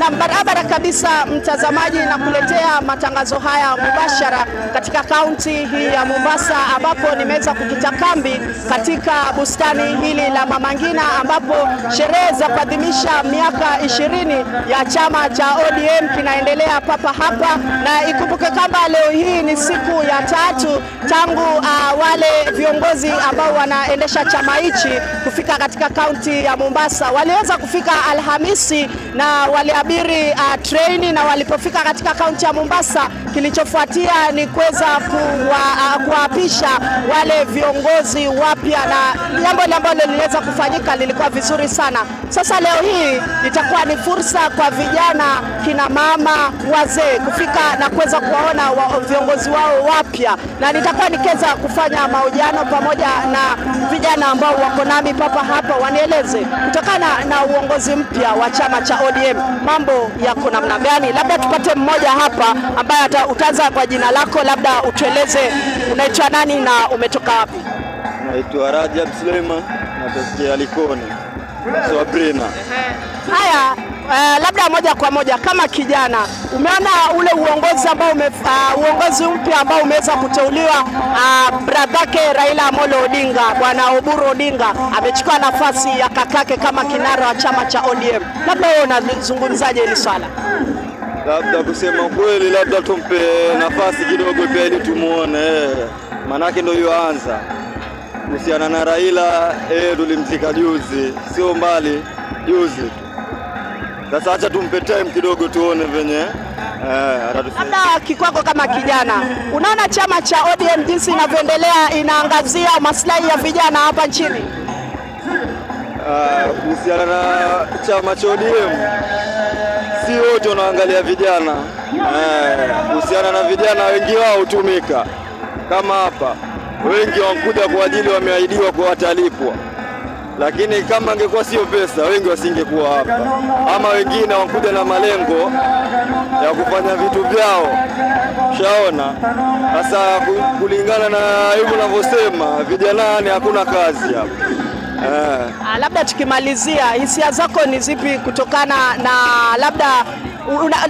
na barabara kabisa, mtazamaji, na kuletea matangazo haya mubashara katika kaunti hii ya Mombasa, ambapo nimeweza kukita kambi katika bustani hili la Mama Ngina, ambapo sherehe za kuadhimisha miaka ishirini ya chama cha ODM kinaendelea papa hapa, na ikumbuke kwamba leo hii ni siku ya tatu tangu uh, wale viongozi ambao wanaendesha chama hichi kufika katika kaunti ya Mombasa. Waliweza kufika Alhamisi na wali kuabiri uh, treni na walipofika katika kaunti ya Mombasa, kilichofuatia ni kuweza kuwaapisha uh, wale viongozi wapya, na jambo ambalo liliweza kufanyika lilikuwa vizuri sana. Sasa leo hii itakuwa ni fursa kwa vijana, kina mama, wazee kufika na kuweza kuwaona wa, viongozi wao wapya, na nitakuwa nikiweza kufanya mahojiano pamoja na vijana ambao wako nami papa hapa wanieleze kutokana na uongozi mpya wa chama cha ODM mambo yako namna gani? Labda tupate mmoja hapa ambaye utaanza kwa jina lako, labda utueleze unaitwa nani na umetoka wapi? Naitwa Rajab Suleiman, natokea Likoni Sabrina. Haya. Uh, labda moja kwa moja kama kijana umeona ule uongozi ambao ume, uh, uongozi mpya ambao umeweza kuteuliwa uh, bradhake Raila Amolo Odinga, bwana Oburu Odinga amechukua nafasi ya kakake kama kinara wa chama cha ODM, labda wewe unazungumzaje hili swala? Labda kusema kweli, labda tumpe nafasi kidogo pia ili tumuone, maanake ndio yuanza kuhusiana na Raila. Eh, tulimzika juzi, sio mbali juzi sasa acha tumpe time kidogo tuone venye eh, labda kikwako kama kijana unaona chama cha ODM jinsi inavyoendelea inaangazia maslahi ya vijana hapa nchini. Ah, kuhusiana na chama cha ODM, si wote wanaangalia vijana. Eh, kuhusiana na vijana, wengi wao hutumika kama hapa, wengi wakuja kwa ajili wameahidiwa kwa watalipwa lakini kama angekuwa sio pesa, wengi wasingekuwa hapa, ama wengine wakuja na malengo ya kufanya vitu vyao. Shaona sasa, kulingana na hivyo unavyosema, vijanani hakuna kazi hapa. Uh, labda tukimalizia, hisia zako ni zipi kutokana na labda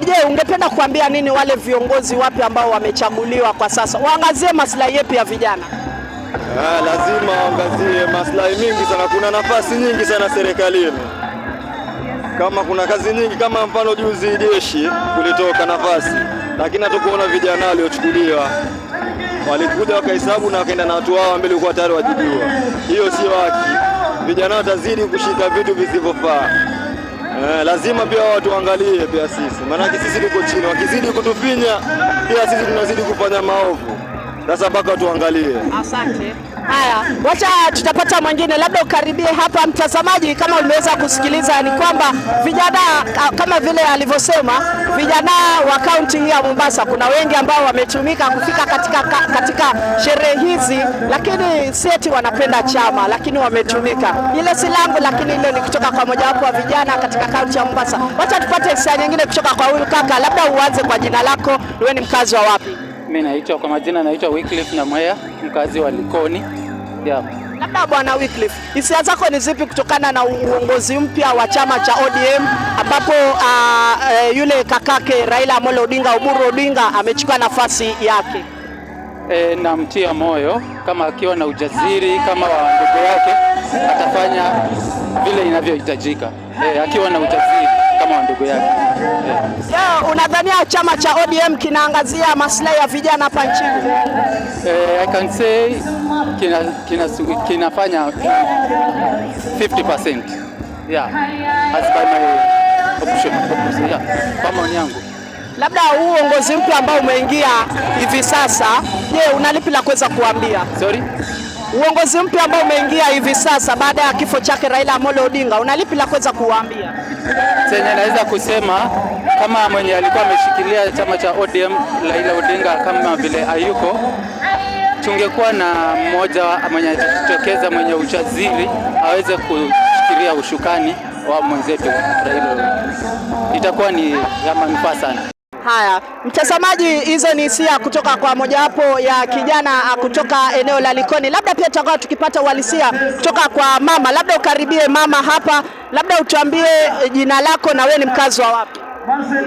je, ungependa kuambia nini wale viongozi wapya ambao wamechaguliwa kwa sasa, waangazie maslahi yepi ya vijana? Ah, lazima angazie maslahi mingi sana. Kuna nafasi nyingi sana serikalini, kama kuna kazi nyingi, kama mfano juzi jeshi kulitoka nafasi, lakini hatukuona vijana waliochukuliwa walikuja wakahesabu na wakaenda na watu wao ambao walikuwa tayari wajijua. Hiyo sio haki. Vijana watazidi kushika vitu visivyofaa. Eh, lazima pia watu waangalie pia sisi, maanake sisi tuko chini, wakizidi kutufinya pia sisi tunazidi kufanya maovu. Sasa mpaka tuangalie. Asante. Haya, wacha tutapata mwingine, labda ukaribie hapa. Mtazamaji, kama umeweza kusikiliza, ni kwamba vijana kama vile alivyosema, vijana wa kaunti hii ya Mombasa, kuna wengi ambao wametumika kufika katika, katika sherehe hizi, lakini sieti wanapenda chama, lakini wametumika. Ile si langu, lakini ile ni kutoka kwa mojawapo wa vijana katika kaunti ya Mombasa. Wacha tupate saa nyingine kutoka kwa huyu kaka, labda uanze kwa jina lako, wewe ni mkazi wa wapi? Mimi naitwa kwa majina, naitwa na Nyamweya, mkazi wa Likoni. Yeah. Labda Bwana Wycliffe, hisia zako ni zipi kutokana na uongozi mpya wa chama cha ODM ambapo uh, yule kakake Raila Amolo Odinga Oburu Odinga amechukua nafasi yake? E, namtia moyo kama akiwa na ujasiri kama wa ndugu yake atafanya vile inavyohitajika. E, akiwa na ujasiri kama wa ndugu yake. Leo Unadhania chama cha ODM kinaangazia maslahi ya vijana hapa nchini? Eh, I can say kina kina kinafanya 50%. Yeah. As by my option. Yeah. Kwa maoni yangu labda huu uongozi mpya ambao umeingia hivi sasa, je, unalipi la kuweza kuambia? Sorry? Uongozi mpya ambao umeingia hivi sasa baada ya kifo chake Raila Amolo Odinga, una lipi la kuweza kuwaambia? Chenye naweza kusema kama mwenye alikuwa ameshikilia chama cha ODM Raila Odinga kama vile hayuko, tungekuwa na mmoja mwenye atajitokeza mwenye uchaziri aweze kushikilia ushukani wa mwenzetu Raila, itakuwa ni ya manufaa sana. Haya mtazamaji, hizo ni hisia kutoka kwa mojawapo ya kijana ah, kutoka eneo la Likoni. Labda pia tutakuwa tukipata uhalisia kutoka kwa mama. Labda ukaribie mama hapa, labda utuambie eh, jina lako na wewe ni mkazi wa wapi?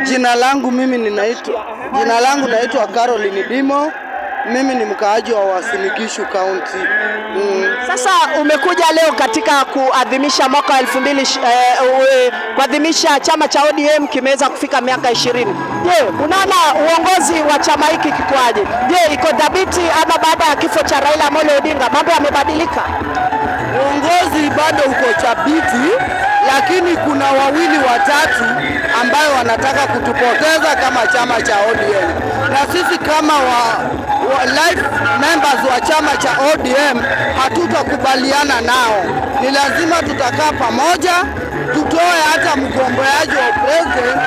Jina langu mimi ninaitwa, jina langu naitwa Caroline Dimo mimi ni mkaaji wa Wasinigishu County. Mm. Sasa umekuja leo katika kuadhimisha mwaka 2000 eh, kuadhimisha chama cha ODM kimeweza kufika miaka 20. Je, unaona uongozi wa chama hiki kikwaje? Je, iko dhabiti ama baada ya kifo cha Raila Amolo Odinga mambo yamebadilika? uongozi bado uko chabiti, lakini kuna wawili watatu ambayo wanataka kutupoteza kama chama cha ODM, na sisi kama wa, wa life members wa chama cha ODM hatutakubaliana nao. Ni lazima tutakaa pamoja, tutoe hata mgombeaji wa president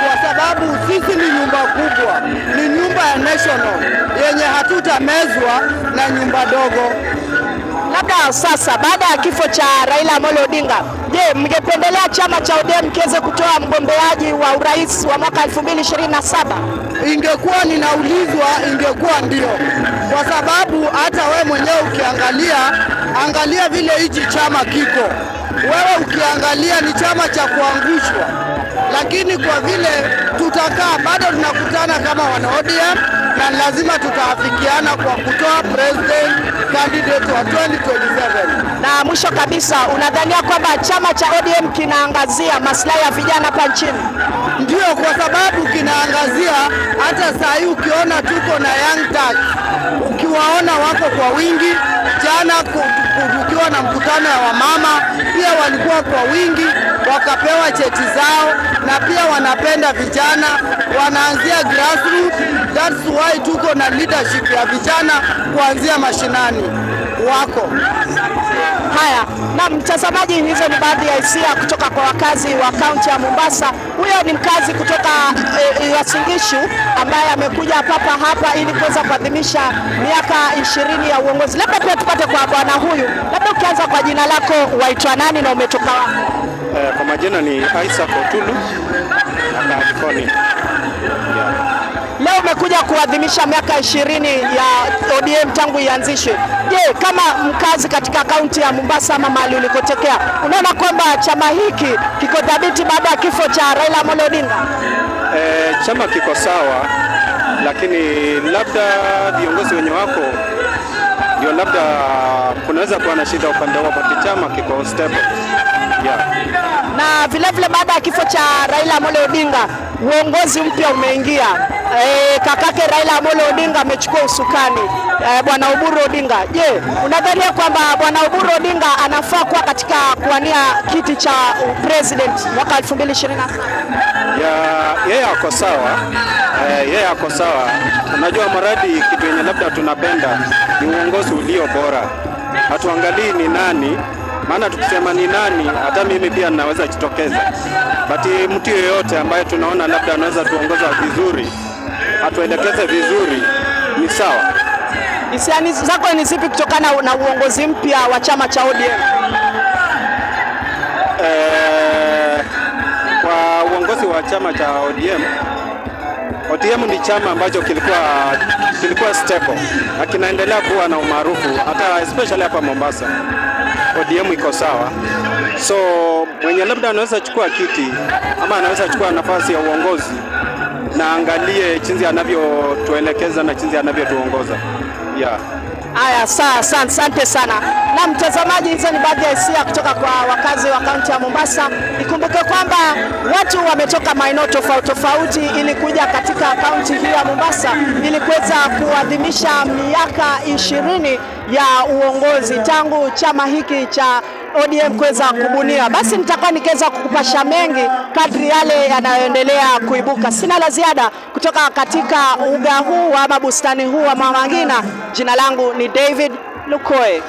kwa sababu sisi ni nyumba kubwa, ni nyumba ya national yenye hatutamezwa na nyumba dogo sasa baada ya kifo cha Raila Amolo Odinga, je, mngependelea chama cha ODM kiweze kutoa mgombeaji wa urais wa mwaka 2027? Ingekuwa ninaulizwa, ingekuwa ndio, kwa sababu hata we mwenyewe ukiangalia, angalia vile hichi chama kiko, wewe ukiangalia ni chama cha kuangushwa, lakini kwa vile tutakaa bado tunakutana kama wana ODM na lazima tutaafikiana kwa kutoa president candidate wa 2027. Na mwisho kabisa, unadhania kwamba chama cha ODM kinaangazia maslahi ya vijana hapa nchini? Ndio, kwa sababu kinaangazia. Hata saa hii ukiona tuko na young tax, ukiwaona wako kwa wingi Jana kukiwa na mkutano ya wamama, pia walikuwa kwa wingi wakapewa cheti zao, na pia wanapenda vijana, wanaanzia grassroots. That's why tuko na leadership ya vijana kuanzia mashinani wako Haya, na mtazamaji, hizo ni baadhi ya hisia kutoka kwa wakazi wa kaunti ya Mombasa. Huyo ni mkazi kutoka e, Wasingishu ambaye amekuja papa hapa ili kuweza kuadhimisha miaka ishirini ya uongozi. Labda pia tupate kwa bwana huyu, labda ukianza kwa jina lako, waitwa nani na umetoka wapi? Eh, kwa majina ni Isaac Otulu na kaikoni Leo umekuja kuadhimisha miaka ishirini ya ODM tangu ianzishwe. Je, kama mkazi katika kaunti ya Mombasa ama mahali ulikotokea, unaona kwamba chama hiki kiko thabiti baada ya kifo cha Raila Amolo Odinga? E, chama kiko sawa, lakini labda viongozi wenye wako ndio labda kunaweza kuwa na shida upande wa but chama kiko stable. Yeah. Na vilevile baada ya kifo cha Raila Amolo Odinga uongozi mpya umeingia eh, kakake Raila Amolo Odinga amechukua usukani eh, bwana Oburu Odinga. Je, unadhania kwamba bwana Oburu Odinga anafaa kuwa katika kuwania kiti cha president mwaka 2027? Yeye ako sawa, eh, yeye ako sawa. Unajua, maradi kitu yenye labda tunapenda ni uongozi ulio bora, hatuangalii ni nani maana tukisema ni nani, hata mimi pia ninaweza jitokeza, but mtu yeyote ambaye tunaona labda anaweza tuongoza vizuri atuelekeze vizuri, ni sawa. Hisia zako ni zipi kutokana na uongozi mpya wa chama cha ODM? E, eh, kwa uongozi wa chama cha ODM ODM ni chama ambacho kilikuwa kilikuwa stable na kinaendelea kuwa na umaarufu hata especially hapa Mombasa. ODM iko sawa, so mwenye labda anaweza chukua kiti ama anaweza chukua nafasi ya uongozi na angalie jinsi anavyotuelekeza na chinzi anavyotuongoza. Yeah. Haya, saa sana, asante sana. Na mtazamaji, hizo ni baadhi ya hisia kutoka kwa wakazi wa kaunti ya Mombasa. Ikumbuke kwamba watu wametoka maeneo tofauti tofauti ili kuja katika kaunti hii ya Mombasa ili kuweza kuadhimisha miaka ishirini ya uongozi tangu chama hiki cha ODM kuweza kubuniwa, basi nitakuwa nikiweza kukupasha mengi kadri yale yanayoendelea kuibuka. Sina la ziada kutoka katika uga huu ama bustani huu wa Mama Ngina. Jina langu ni David Lukoe.